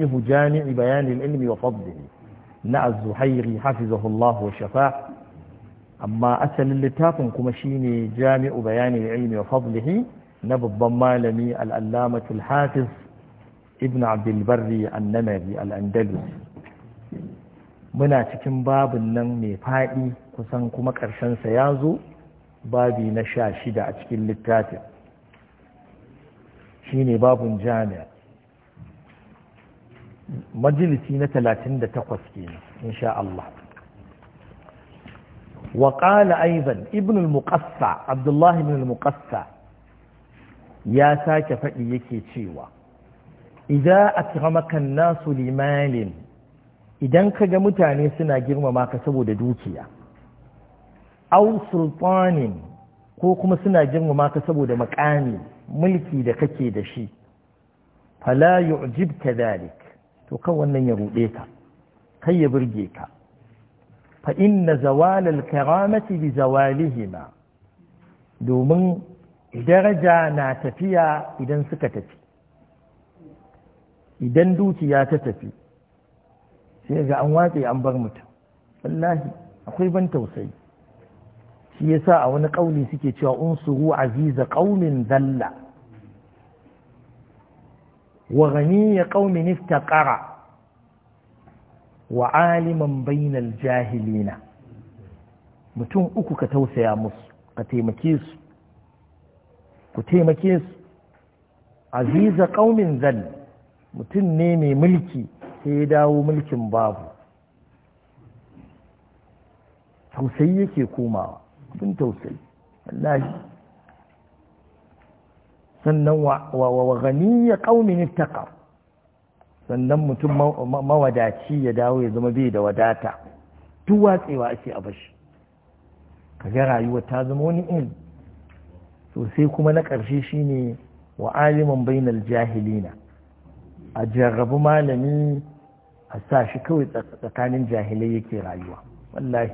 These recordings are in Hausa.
جامع بيان العلم وفضله نع الزهيري حفظه الله وشفاه أما أسل اللتاف كمشيني جامع بيان العلم وفضله نبض مالمي الألامة الحافظ ابن عبد البر النمري الأندلسي muna cikin babin nan mai faɗi kusan kuma ƙarshensa ya zo babi na sha shida a cikin littafin shine babun jami'a Majlisi na talatin da takwas ke insha Allah وقال ايضا ابن المقصى عبد الله بن المقصى يا ساكي فدي yake cewa اذا اكرمك الناس لمال idan kaga mutane suna girmama ka saboda dukiya au sultan ko kuma suna girmama ka saboda makami mulki da kake da shi fala yu'jibka dhalik to kan wannan ya ruɗe ka kai ya burge ka fa inna zawalal karamati bi zawalihima domin daraja na tafiya idan suka tafi idan dukiya ta tafi sai ga an watse an bar mutum wallahi akwai ban tausayi shi yasa a wani kauli suke cewa unsuru aziza qaumin zalla wa ghaniya qaumin iftaqara wa aliman bainar jahilina mutum uku ka tausaya musu ka taimake su ku taimake su aziza ƙaunin zan, mutum ne mai mulki sai ya dawo mulkin babu tausayi yake komawa abin tausayi wallahi sannan wa ya ƙaunin taƙa. sannan mutum mawadaci ya dawo ya zama bai da wadata tun watsewa ake a bashi kaga rayuwa ta zama wani in sosai kuma na ƙarshe shine wa aliman bainal jahilina a jarrabu malami a sa shi kawai tsakanin jahilai yake rayuwa wallahi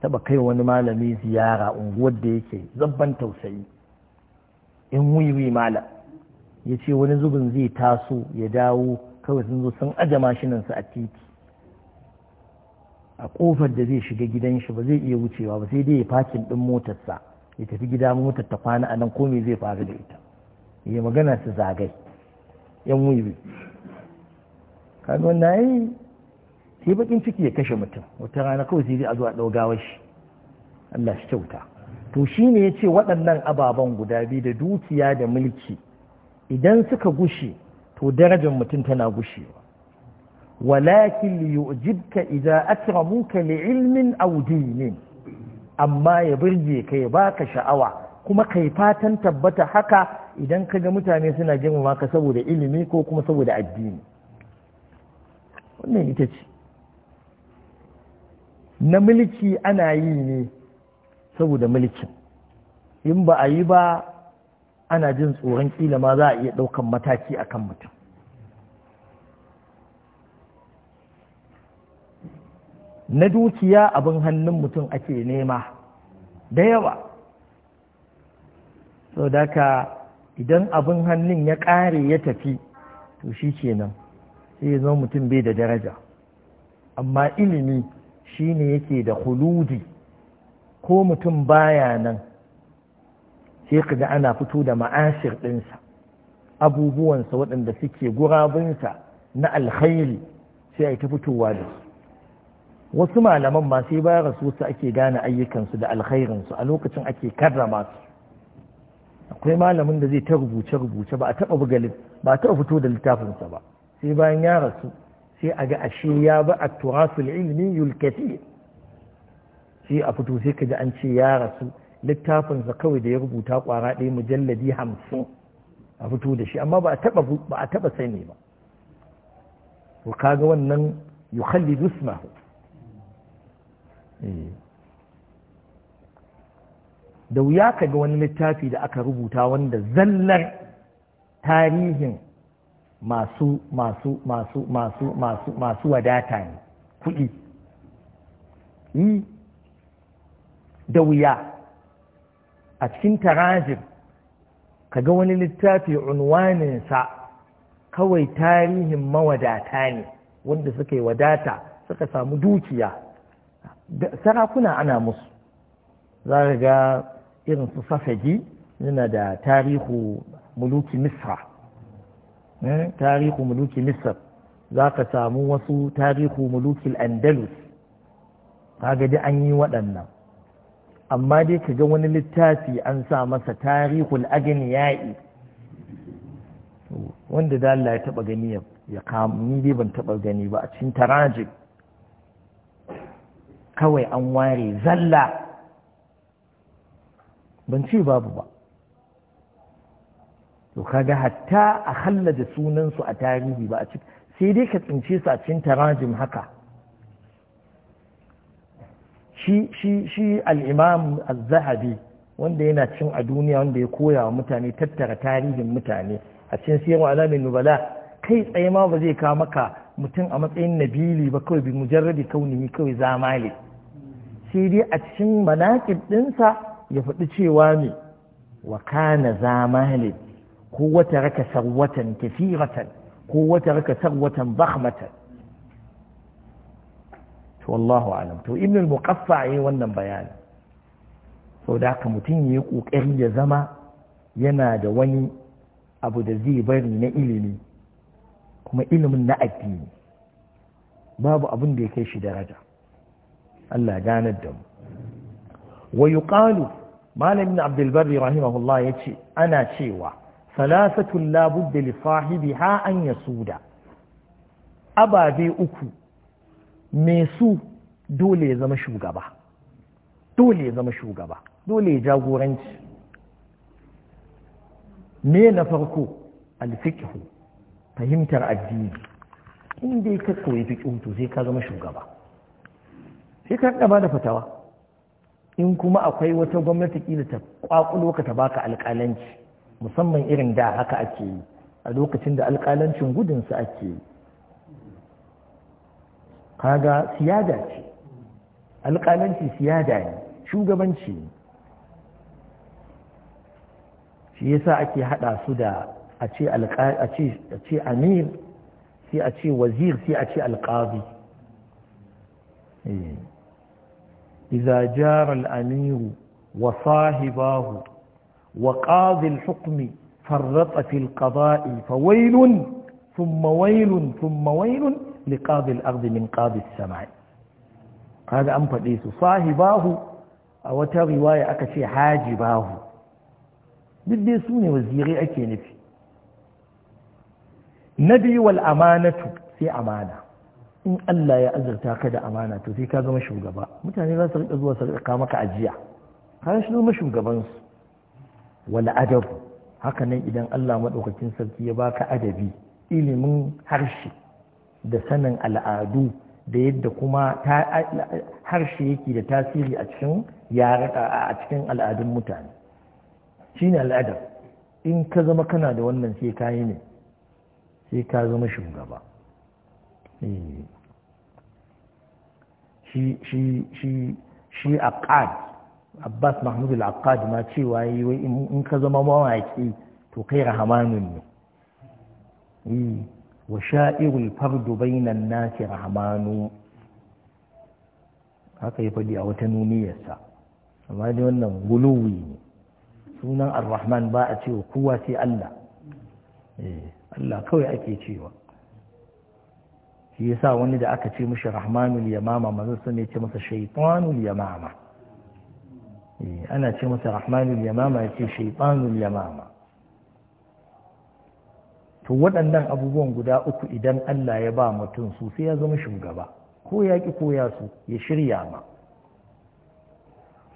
taba kai wani malami ziyara unguwar da yake zabban tausayi in wiwi malam ya ce wani zubin zai taso ya dawo kawai sun zo sun aje mashinansu a titi a kofar da zai shiga gidan shi ba zai iya wucewa ba sai dai ya fakin din motarsa ya tafi gida motar ta kwana a nan komai zai faru da ita ya magana su zagai yan wiwi kano na yi sai bakin ciki ya kashe mutum wata rana kawai sai zai a zo a ɗau gawar shi Allah shi kyauta to shi ne ya ce waɗannan ababen guda biyu da dukiya da mulki idan suka gushe to darajar mutum tana gushewa walakin yu'jibka idza akramuka li'ilmin aw dinin amma ya burge ka ya baka sha'awa kuma kai fatan tabbata haka idan ka ga mutane suna girmama ka saboda ilimi ko kuma saboda addini wannan ita ce na mulki ana yi ne saboda mulkin in ba a yi ba ana jin tsoron kila ma za a iya ɗaukan mataki a kan mutum na dukiya abin hannun mutum ake nema da yawa sau daka idan abin hannun ya ƙare ya tafi to shi ke nan, sai ya zama mutum bai da daraja amma ilimi shi ne yake da huludi ko mutum baya nan sai kaga ana fito da ma'ashir ɗinsa abubuwansa waɗanda suke gurabinsa na alkhairi sai a ta fitowa da su wasu malaman ma sai bayan rasu wasu ake gane ayyukansu da alkhairinsu a lokacin ake karrama su akwai malamin da zai ta rubuce-rubuce ba a taɓa bugalin ba a taɓa fito da littafinsa ba sai bayan ya rasu sai a ga ashe ya ba a turasul ilmi yulkati sai a fito sai ka ji an ce ya rasu littafinsa kawai da ya rubuta kwara ɗaya mujalladi hamsin a fito da shi amma ba a taɓa sani ba to kaga wannan yukhalli dusmahu eh. da wuya ka ga wani littafi da aka rubuta wanda zallar tarihin masu masu masu masu masu masu wadata ne kuɗi da wuya a cikin ka kaga wani littafi unwaninsa kawai tarihin mawadata ne wanda suka yi wadata suka samu dukiya sarakuna ana musu za ka ga irin su safagi yana da tarihu muluki misra eh, tarihu muluki misra za ka samu wasu tarihu muluki andalus ka gaji an yi waɗannan amma dai ka ga wani littafi an sa masa tarihul ya'i wanda da Allah ya taba gani ya kama ni dai ban taba gani ba a cikin tarajib kawai an ware zalla ban ce babu ba to kaga hatta a hallada sunansu a tarihi ba a cikin sai dai ka tsince su a cikin tarajim haka shi shi shi al-imam zahabi wanda yana cin a duniya wanda ya koya wa mutane tattara tarihin mutane a cikin sirru alamin nubala kai tsaye ma ba zai kawo maka mutum a matsayin nabili ba kawai bi mujarradi kaunihi kawai zamale sai dai a cikin manaƙib ɗinsa ya faɗi cewa ne wa kana zamale ko wata raka sarwatan kafiratan ko wata raka sarwatan bahmatan wallahu alam to ibn al-muqaffa wannan bayani so da haka mutum ya yi ya zama yana da wani abu da zai bari na ilimi kuma ilimin na addini babu abin da ya kai shi daraja Allah ganar da mu wa yuqalu malam ibn abdul barri rahimahullah yace ana cewa salasatun la budda li sahibiha an yasuda ababe uku me su dole ya zama shugaba dole ya zama shugaba dole ya jagoranci me na farko alfikihu fahimtar addini in dai ka koyi fikihu to sai ka zama shugaba sai ka gaba da fatawa in kuma akwai wata gwamnati kila ta kwakulo ka ta baka alƙalanci musamman irin da haka ake yi a lokacin da alƙalancin gudunsa ake yi kaga siyada ce alƙalanci siyada ne shugabanci ne shi yasa ake haɗa su da a ce amir sai a ce wazir sai a ce alƙazi إذا جار الأمير وصاحباه وقاضي الحكم فرط في القضاء فويل ثم ويل ثم ويل liqadi al-ard min qadi as-sama'i kaga an faɗe su sahibahu a wata riwaya aka ce hajibahu duk dai su ne wazirai ake nufi na biyu wal sai amana in Allah ya azurta ka da amana to sai ka zama shugaba mutane za su rika zuwa su rika maka ajiya ka shi zama shugabansu wal adabu haka idan Allah madaukakin sarki ya baka adabi ilimin harshe da sanin al'adu da yadda kuma harshe yake da tasiri a cikin a cikin al'adun mutane Shi ne al'adar in ka zama kana da wannan sai ka yi ne sai ka zama shugaba eh. shi ƙad abbas mahmud al-aqad ma cewa yi in ka zama mawaki to kai rahamanun ne eh. wa sha'irul fardu bainan nasi rahmanu haka ya faɗi a wata nuniyarsa amma dai wannan guluwi ne sunan ar-rahman ba a cewa kowa sai Allah eh, Allah kawai ake cewa shi yasa wani da aka ce mishi rahmanul yamama manzo sun ne ce masa shaytanul yamama eh, ana ce masa rahmanul yamama ya ce shaytanul yamama to waɗannan abubuwan guda uku idan Allah ya ba mutum su sai ya zama shugaba ko ya ki koya su ya shirya ma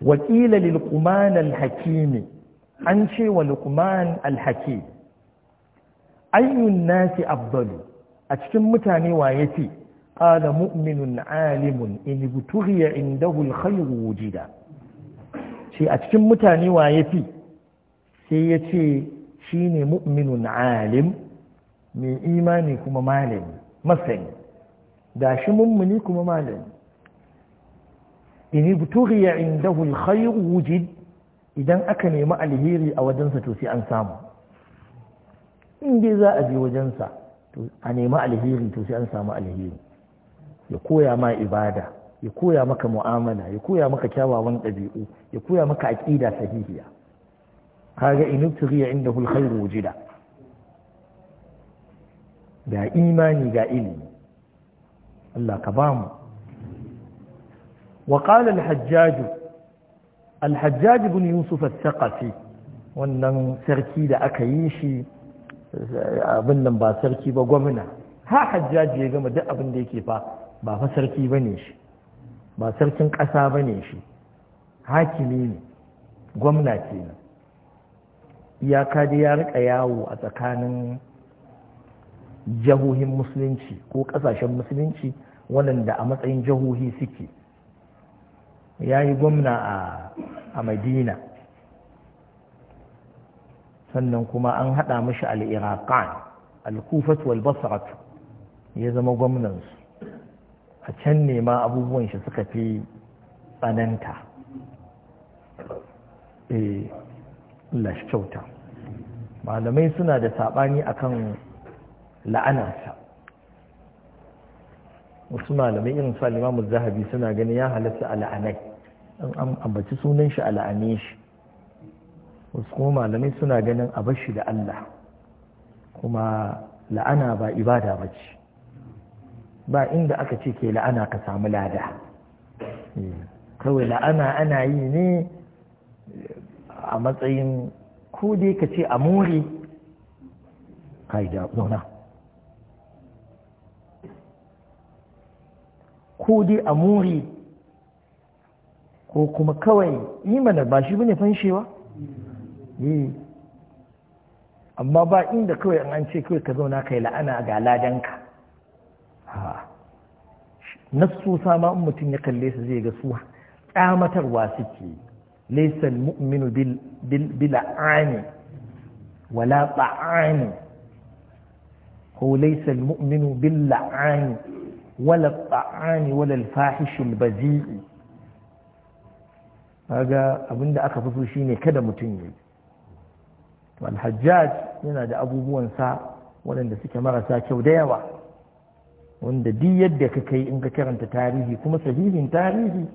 wakila lilkuman alhakimi an ce wa lukman alhakim ayyun nasi abdalu a cikin mutane wa ya ce ƙada mu'minun alimun in buturiya indahu alkhairu wujida ce a cikin mutane wa ya fi sai ya ce shi ne mu'minun alim mai imani kuma malami masani da shi mummuni kuma malami in ibtughiya indahu alkhayr wujid idan aka nemi alheri a wajensa to sai an samu in dai za a je wajensa to a nemi alheri to sai an samu alheri ya koya ma ibada ya koya maka mu'amala ya koya maka kyawawan ɗabi'u ya koya maka aƙida sahihiya kaga in ibtughiya indahu alkhayr wujida ga imani ga ilimi Allah ka ba mu Alhajjaju, Alhajjaju bin yusuf al الثقفي wannan sarki da aka yi shi abin nan ba sarki ba gwamna ha hajjaji ya gama duk abin da yake fa ba fa sarki ba ne shi ba sarkin ƙasa ba ne shi hakimi ne gwamna ke iyaka da ya riƙa yawo a tsakanin jahohin musulunci ko kasashen musulunci waɗanda a matsayin jahohi suke ya yi gwamna a madina sannan kuma an haɗa mashi al'iraƙan al-kufat wal ya zama gwamnansu a can ne ma abubuwan shi suka fi tsananta eh kyauta malamai suna da saɓani akan la'anarsa wasu malamai irin su alimamu zahabi suna ganin ya halatta a la'anai an ambaci sunan shi a la'ane shi wasu kuma malamai suna ganin a bashi da Allah kuma la'ana ba ibada ba ce ba inda aka ce ke la'ana ka samu lada eh, kawai la'ana ana yi ne a matsayin ko dai ka ce a more kai da zauna ko dai a more ko kuma kawai imanar mana ba shi bane fanshewa eh. amma ba inda kawai an ce kawai ka zauna kai la'ana ga ladanka nafsu sama in mutum ya kalle su zai ga su ƙamatarwa suke laysa mu'minu bil ani wala ta'ani ko laysa mu'minu bil la'ani wala ta'ani wala alfahishul bazi'i kaga abinda aka fi so shine kada mutum yi to yana da abubuwan sa waɗanda suke marasa kyau da yawa wanda duk yadda ka kai in ka karanta tarihi kuma sahihin tarihi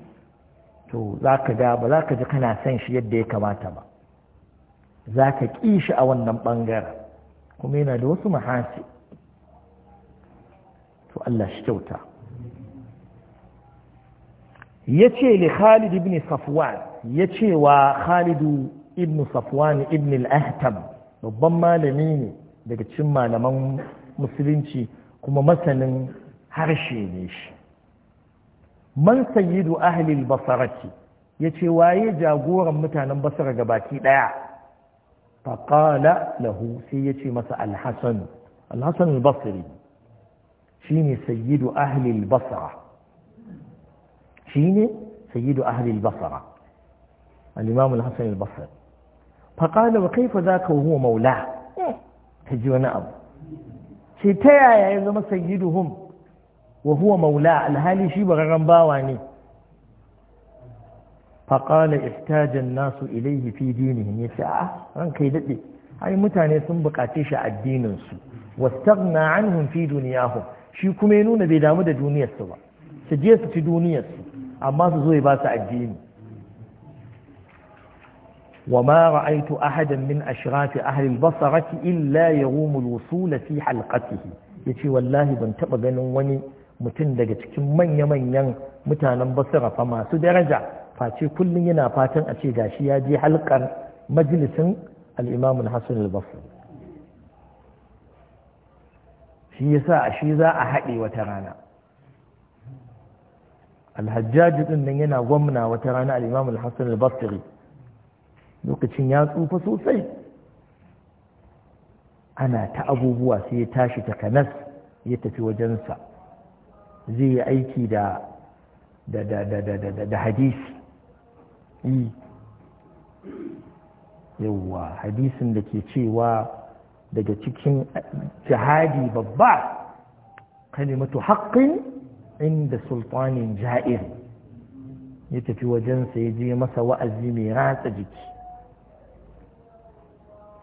to za ka ga ba za ka ji kana son shi yadda ya kamata ba za ka ƙi shi a wannan ɓangaren kuma yana da wasu mahasi to Allah shi kyauta ya ce li Khalid ibn Safwan ya ce wa Khalid ibn Safwan ibn al-Ahtab babban malami ne daga cikin malaman musulunci kuma masanin harshe ne shi man sayyidu ahli al-basarati yace waye jagoran mutanen basara ga baki daya faqala lahu sai yace masa Alhassan hasan al-basri شيني سيد أهل البصرة شيني سيد أهل البصرة الإمام الحسن البصري فقال وكيف ذاك وهو مولاه إيه. تجي ونأب شتايا يا إذا سيدهم وهو مولاه الهالي شي بغرنباواني فقال احتاج الناس إليه في دينهم يسعى آه، ران كيدتلي هاي متاني سنبقاتيش الدين واستغنى عنهم في دنياهم shi kuma ya nuna bai damu da duniyarsu ba su je su ci duniyarsu amma su zo ya ba su addini wa ma ra'aitu ahadan min ashrafi ahli al-basrati illa Yarumu al-wusul fi halqatihi yace wallahi ban taba ganin wani mutum daga cikin manya-manyan mutanen basra fa masu daraja face kullum yana fatan a ce gashi ya je halkar majalisin al-imam al-hasan al-basri shi yasa shi za a haɗe wata rana alhajjaji din nan yana gwamna wata rana al-imam al-hasan al-basri lokacin ya tsufa sosai ana ta abubuwa sai ya tashi ta kanas ya tafi wajensa zai yi aiki da da da da da da da hadisi yawwa hadisin da ke cewa daga cikin jihadi babba kalimatu haƙƙin inda sultanin ja'ir ya tafi wajensa ya je masa wa'azi mai ratsa jiki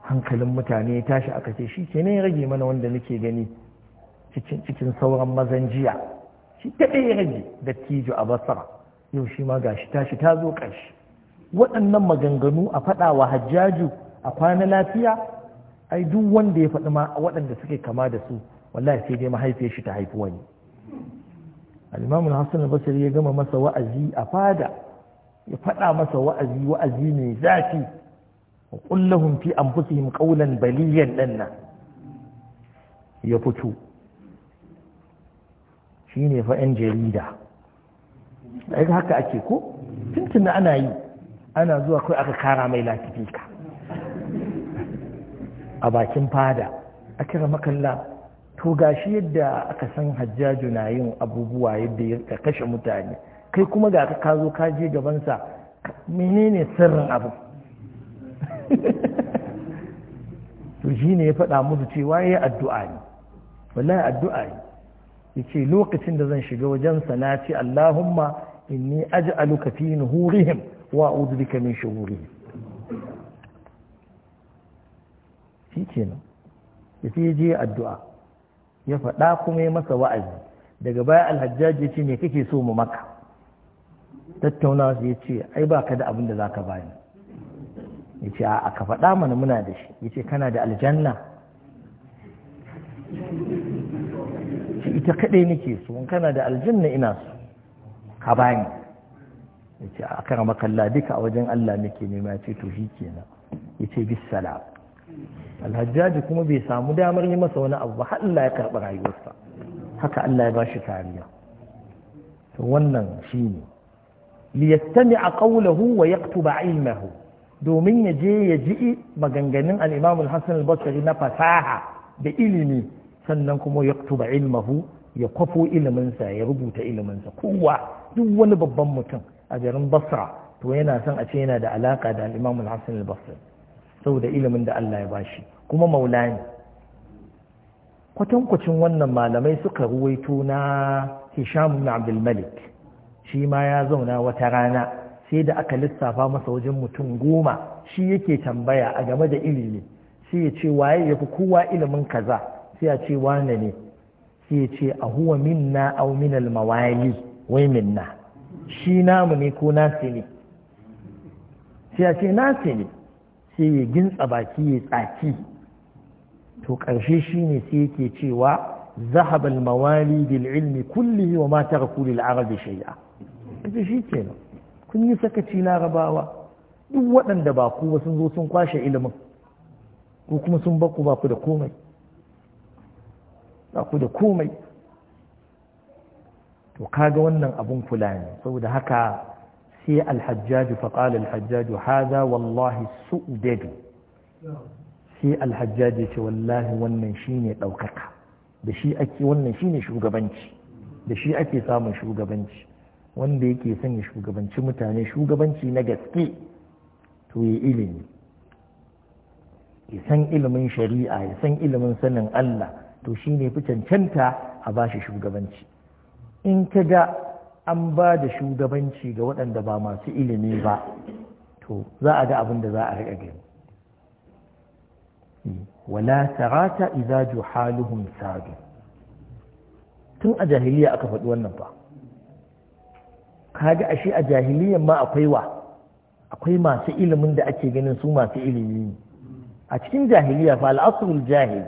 hankalin mutane ya tashi aka ce shi ke ne rage mana wanda nake gani cikin sauran mazan jiya shi taɓe ya rage dattijo a basara yau shi ma gashi tashi ta zo ƙarshe waɗannan maganganu a faɗa wa hajjaju a kwana lafiya ai duk wanda ya faɗi ma waɗanda suke kama da su wallahi sai dai mahaifiyar shi ta haifi wani al-imamu hasan al-basri ya gama masa wa'azi a fada ya faɗa masa wa'azi wa'azi mai zafi wa kullahum fi anfusihim qawlan baliyan danna ya fito shine fa yan jarida ai haka ake ko tuntuna ana yi ana zuwa kai aka kara mai latifika a bakin fada kira makalla to gashi yadda aka san hajjaju na yin abubuwa yadda ya kashe mutane kai kuma ga ka zo ka je gabansa menene sirrin abu to shi ne ya faɗa musu cewa ya addu'a ne wallahi addu'a ne yace lokacin da zan shiga wajen na ce Allahumma inni aj'aluka fi nuhurihim wa a'udhu bika min shururihim shi kenan ya sai je addu'a ya faɗa kuma ya masa wa'azi daga baya alhajjaji ya ce me kake so mu maka tattauna su ya ce ai ba ka da abin da za ka bani ya ce a ka faɗa mana muna da shi ya ce kana da aljanna ce ita kaɗai nake so in kana da aljanna ina so ka bani ya ce a kan makalla duka a wajen Allah nake nema ya ce to shi kenan ya ce bisalam alhajjaji kuma bai samu damar yi masa wani abu ba har Allah ya karɓi rayuwarsa haka Allah ya ba shi kariya to wannan shine liyastami'a qawluhu wa yaktuba ilmahu domin ya je ya ji maganganun al-Imam al-Hasan na fasaha da ilimi sannan kuma yaktuba ilmahu ya kwafo iliminsa ya rubuta iliminsa kowa duk wani babban mutum a garin Basra to yana son a ce yana da alaka da al-Imam al-Hasan saboda ilimin da Allah ya bashi kuma Maulani. kwatankwacin wannan malamai suka ruwaito na Hisham ibn Abdul Malik shi ma ya zauna wata rana sai da aka lissafa masa wajen mutum goma shi yake tambaya a game da ilimi sai ya ce waye ya fi kowa ilimin kaza sai ya ce wane ne sai ya ce a huwa minna aw minal mawali wai minna shi namu ne ko nasi ne sai ya ce nasi ne sai ya gintsa baki ya tsaki to ƙarshe shine sai yake cewa mawali ذهب wa بالعلم كله وما تركوا للعرب شيئا kaji shi kenan kun yi sakaci larabawa duk waɗanda ba ku ba sun zo sun kwashe ilimin ko kuma sun baku ba ku da komai ba ku da komai to kaga wannan abun kula ne saboda haka sai alhajjaju faƙal alhajjaju haza wallahi su'udadu sai alhajjaju ce wallahi wannan shine ɗaukaka da shi ake wannan shine shugabanci da shi ake samun shugabanci wanda yake son ya shugabanci mutane shugabanci na gaske to ya ilimi ya san ilimin shari'a ya san ilimin sanin Allah to shine fi cancanta a bashi shugabanci in ka ga an ba da shugabanci ga waɗanda ba masu ilimi ba to za a ga abin da za a riƙa gani hmm. wala tarata idza juhaluhum sadu tun a jahiliya aka faɗi wannan fa kaga ashe a jahiliyan ma akwai wa akwai masu ilimin da ake ganin su masu ilimi ne a cikin jahiliya fa al'asrul jahil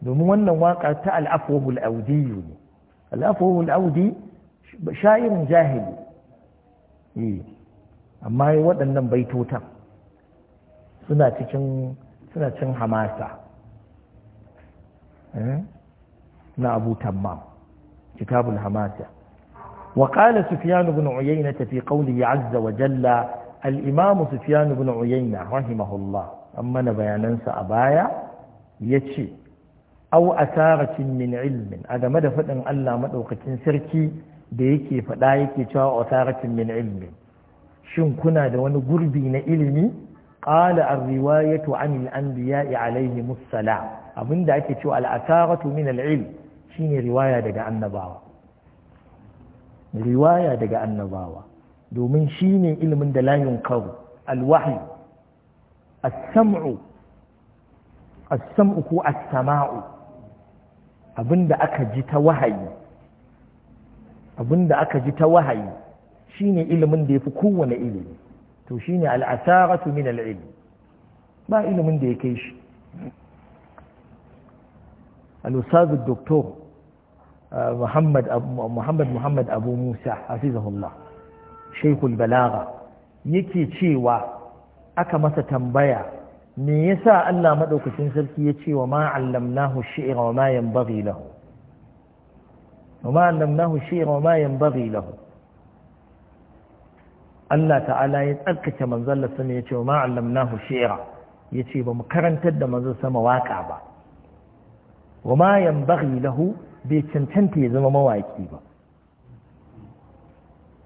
domin wannan waka ta al'afwahul audiyu ne al'afuhu al'audi sha'irin jahili eh amma waɗannan baitotan suna cikin suna cin hamasa na abu tammam kitabul hamasa وقال سفيان بن عيينة في قوله عز وجل الإمام سفيان بن عيينة رحمه الله أما نبياننس أبايا يتشي aw asaratin min ilmin a game da faɗin Allah maɗaukacin sarki da yake faɗa yake cewa asaratin min ilmin shin kuna da wani gurbi na ilimi qala ar-riwayatu an al-anbiya'i alayhi musallam abinda ake cewa al-asaratu min al-ilm shine riwaya daga annabawa riwaya daga annabawa domin shine ilimin da la yunkaru al-wahyi as-sam'u as-sam'u ko as-sama'u abinda aka ji ta wahayi abinda aka ji ta wahayi shine ilimin da yafi kowane ilimi to shine al'asaratu min al'ilm ba ilimin da ya kai shi al-ustadh doktor uh, Muhammad Muhammad Muhammad Abu Musa hafizahullah Sheikhul Balagha yake cewa aka masa tambaya me yasa Allah Maɗaukacin sarki ya ce wa ma'allam nahu shi'ra wa ma bari lahu wa ma'allam nahu shi'ra wa ma bari lahu Allah ta'ala ya tsarkace manzon Allah sama ya ce wa ma'allam nahu shi'ra ya ce ba mu karantar da manzon sama waka ba wa ma bari lahu bai cancanta ya zama mawaki ba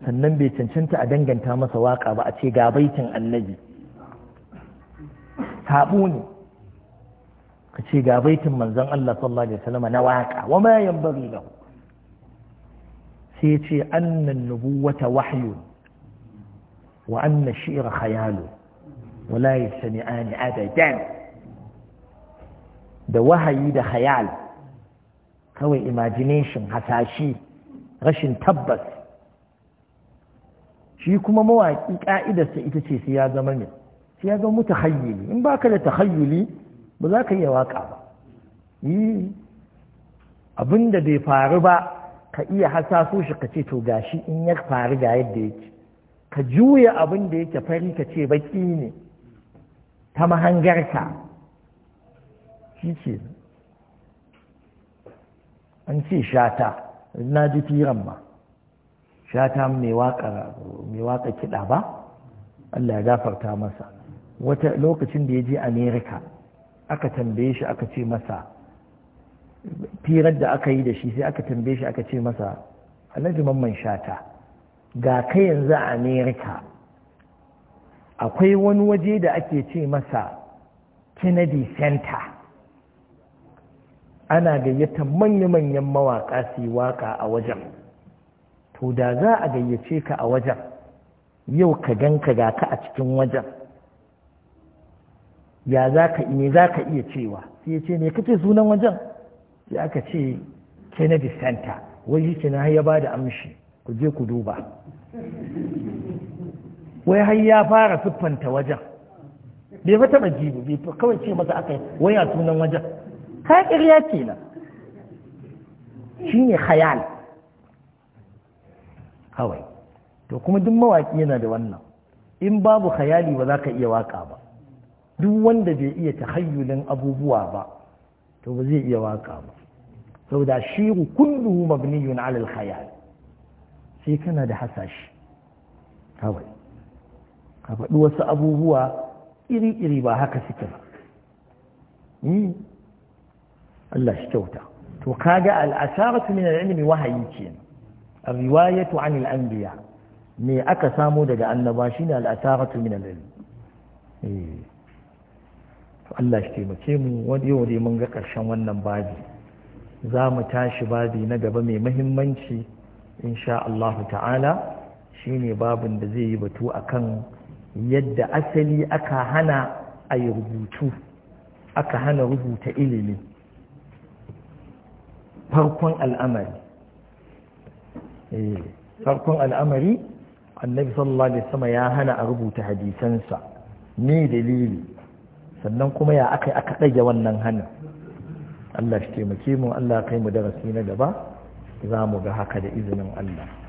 sannan bai cancanta a danganta masa waka ba a ce ga baitin annabi sabo ne ka ce ga baitin manzon Allah sallallahu alaihi wasallam na waka wa ma yanbaghi lahu sai ya ce annan nubuwata wahyu wa anna shi'ra khayalu wa la yastami'ani abadan da wahayi da khayal kawai imagination hasashi rashin tabbas shi kuma mawaƙi ƙa'idarsa ita ce sai ya zama ne sai ya zama takhayyuli in baka da tahayyuli ba za ka iya waka ba abinda bai faru ba ka iya hasaso shi ka ce to gashi in ya faru ga yadda yake ka juya abin da yake fari ka ce baki ne ta mahangarka shi ce an ce shata na ji firan ma shata mai waka kiɗa ba Allah ya gafarta masa wata lokacin da ya je amerika aka tambaye shi aka ce masa firar da aka yi da shi sai aka tambaye shi aka ce masa alhaji mamman shata ga kai yanzu a amerika akwai wani waje da ake ce masa kennedy center ana gayyata manya-manyan mawaƙa su yi waƙa a wajen to da za a gayyace ka a wajen yau ka gan ka ga ka a cikin wajen ya za ka me za ka iya cewa sai ya ce ne ce sunan wajen sai aka ce kennedy center wai shi na ya ba da amshi ku je ku duba wai har ya fara siffanta wajen bai fata jibi bai kawai ce masa aka wai a sunan wajen ka ƙirya kenan shine khayal kawai to kuma duk mawaki yana da wannan in babu khayali ba za ka iya waka ba duk wanda bai iya tahayyulin abubuwa ba to ba zai iya waka ba saboda shiru kulluhu mabniyun ala al-khayal sai kana da hasashi kawai ka faɗi wasu abubuwa iri-iri ba haka suke ba hmm. Allah shi kyauta to kaga al'asharatu min al-ilmi wahayi kenan الرواية عن الأنبياء مي أكا سامو دقى أنبا شين الأثارة من العلم إيه. Allah shi taimake mu yau dai mun ga ƙarshen wannan babi za mu tashi babi na gaba mai mahimmanci insha Allah ta'ala shine babin da zai yi batu akan yadda asali aka hana a yi rubutu aka hana rubuta ilimi farkon al'amari eh, farkon al'amari annabi sallallahu alaihi wasallam ya hana a rubuta hadisansa ne dalili sannan kuma ya aka aka ɗage wannan hannun Allah shi taimake mu Allah kai mu darasi na gaba za mu ga haka da izinin Allah